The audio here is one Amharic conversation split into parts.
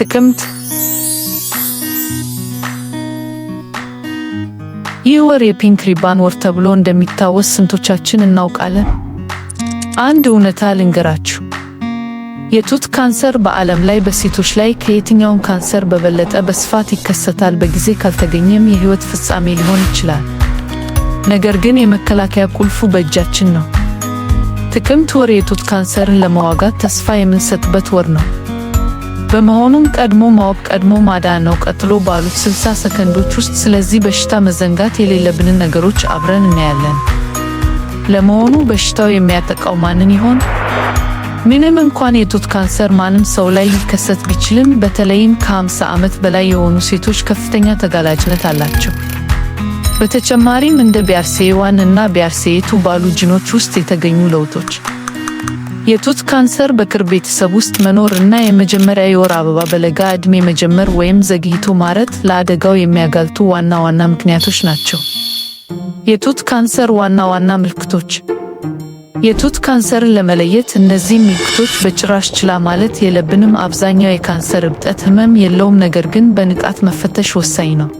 ጥቅምት ይህ ወር የፒንክ ሪባን ወር ተብሎ እንደሚታወስ ስንቶቻችን እናውቃለን? አንድ እውነታ ልንገራችሁ። የጡት ካንሰር በዓለም ላይ በሴቶች ላይ ከየትኛውም ካንሰር በበለጠ በስፋት ይከሰታል። በጊዜ ካልተገኘም የህይወት ፍጻሜ ሊሆን ይችላል። ነገር ግን የመከላከያ ቁልፉ በእጃችን ነው። ጥቅምት ወር የጡት ካንሰርን ለመዋጋት ተስፋ የምንሰጥበት ወር ነው። በመሆኑም ቀድሞ ማወቅ ቀድሞ ማዳን ነው። ቀጥሎ ባሉት 60 ሰከንዶች ውስጥ ስለዚህ በሽታ መዘንጋት የሌለብንን ነገሮች አብረን እናያለን። ለመሆኑ በሽታው የሚያጠቃው ማንን ይሆን? ምንም እንኳን የጡት ካንሰር ማንም ሰው ላይ ሊከሰት ቢችልም በተለይም ከ50 ዓመት በላይ የሆኑ ሴቶች ከፍተኛ ተጋላጭነት አላቸው። በተጨማሪም እንደ ቢያርሴዋን እና ቢያርሴቱ ባሉ ጅኖች ውስጥ የተገኙ ለውጦች የጡት ካንሰር በቅርብ ቤተሰብ ውስጥ መኖር እና የመጀመሪያ የወር አበባ በለጋ ዕድሜ መጀመር ወይም ዘግይቶ ማረት ለአደጋው የሚያጋልጡ ዋና ዋና ምክንያቶች ናቸው። የጡት ካንሰር ዋና ዋና ምልክቶች። የጡት ካንሰርን ለመለየት እነዚህ ምልክቶች በጭራሽ ችላ ማለት የለብንም። አብዛኛው የካንሰር እብጠት ህመም የለውም፣ ነገር ግን በንቃት መፈተሽ ወሳኝ ነው።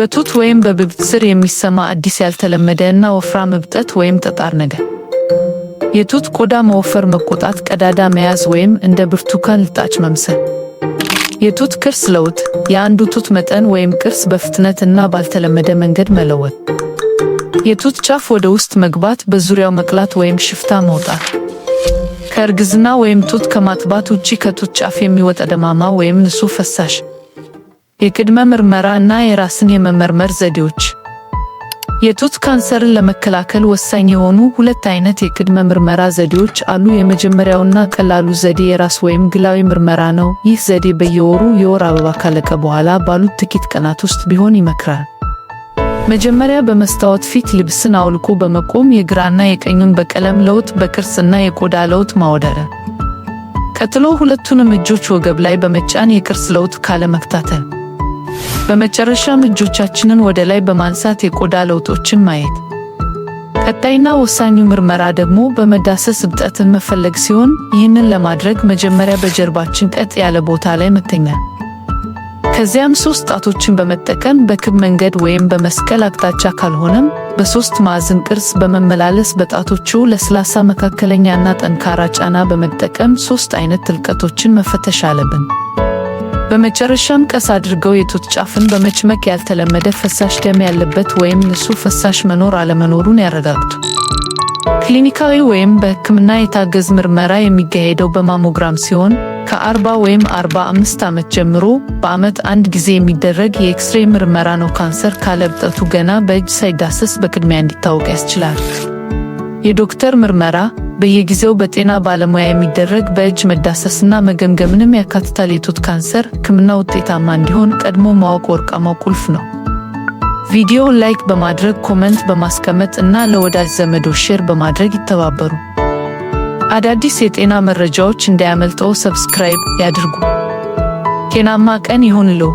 በጡት ወይም በብብት ስር የሚሰማ አዲስ ያልተለመደ እና ወፍራም እብጠት ወይም ጠጣር ነገር የጡት ቆዳ መወፈር፣ መቆጣት፣ ቀዳዳ መያዝ ወይም እንደ ብርቱካን ልጣጭ መምሰል። የጡት ቅርስ ለውጥ፣ የአንዱ ጡት መጠን ወይም ቅርስ በፍጥነት እና ባልተለመደ መንገድ መለወጥ። የጡት ጫፍ ወደ ውስጥ መግባት፣ በዙሪያው መቅላት ወይም ሽፍታ መውጣት። ከእርግዝና ወይም ጡት ከማጥባት ውጪ ከጡት ጫፍ የሚወጣ ደማማ ወይም ንጹህ ፈሳሽ። የቅድመ ምርመራ እና የራስን የመመርመር ዘዴዎች የጡት ካንሰርን ለመከላከል ወሳኝ የሆኑ ሁለት አይነት የቅድመ ምርመራ ዘዴዎች አሉ። የመጀመሪያውና ቀላሉ ዘዴ የራስ ወይም ግላዊ ምርመራ ነው። ይህ ዘዴ በየወሩ የወር አበባ ካለቀ በኋላ ባሉት ጥቂት ቀናት ውስጥ ቢሆን ይመክራል። መጀመሪያ በመስታወት ፊት ልብስን አውልቆ በመቆም የግራና የቀኙን በቀለም ለውጥ፣ በቅርጽና የቆዳ ለውጥ ማወደረ ቀጥሎ ሁለቱንም እጆች ወገብ ላይ በመጫን የቅርጽ ለውጥ ካለመክታተል። በመጨረሻም እጆቻችንን ወደ ላይ በማንሳት የቆዳ ለውጦችን ማየት። ቀጣይና ወሳኙ ምርመራ ደግሞ በመዳሰስ እብጠትን መፈለግ ሲሆን ይህንን ለማድረግ መጀመሪያ በጀርባችን ቀጥ ያለ ቦታ ላይ መተኛል። ከዚያም ሶስት ጣቶችን በመጠቀም በክብ መንገድ ወይም በመስቀል አቅጣጫ ካልሆነም በሶስት ማዕዘን ቅርጽ በመመላለስ በጣቶቹ ለስላሳ መካከለኛና ጠንካራ ጫና በመጠቀም ሶስት አይነት ጥልቀቶችን መፈተሽ አለብን። በመጨረሻም ቀስ አድርገው የጡት ጫፍን በመጭመቅ ያልተለመደ ፈሳሽ ደም ያለበት ወይም ንጹህ ፈሳሽ መኖር አለመኖሩን ያረጋግጡ። ክሊኒካዊ ወይም በሕክምና የታገዝ ምርመራ የሚካሄደው በማሞግራም ሲሆን ከ40 ወይም 45 ዓመት ጀምሮ በዓመት አንድ ጊዜ የሚደረግ የኤክስሬ ምርመራ ነው። ካንሰር ካለ እብጠቱ ገና በእጅ ሳይዳሰስ በቅድሚያ እንዲታወቅ ያስችላል። የዶክተር ምርመራ በየጊዜው በጤና ባለሙያ የሚደረግ በእጅ መዳሰስና መገምገምንም ያካትታል። የጡት ካንሰር ሕክምና ውጤታማ እንዲሆን ቀድሞ ማወቅ ወርቃማው ቁልፍ ነው። ቪዲዮውን ላይክ በማድረግ ኮመንት በማስቀመጥ እና ለወዳጅ ዘመዶ ሼር በማድረግ ይተባበሩ። አዳዲስ የጤና መረጃዎች እንዳያመልጠው ሰብስክራይብ ያድርጉ። ጤናማ ቀን ይሁንልዎ።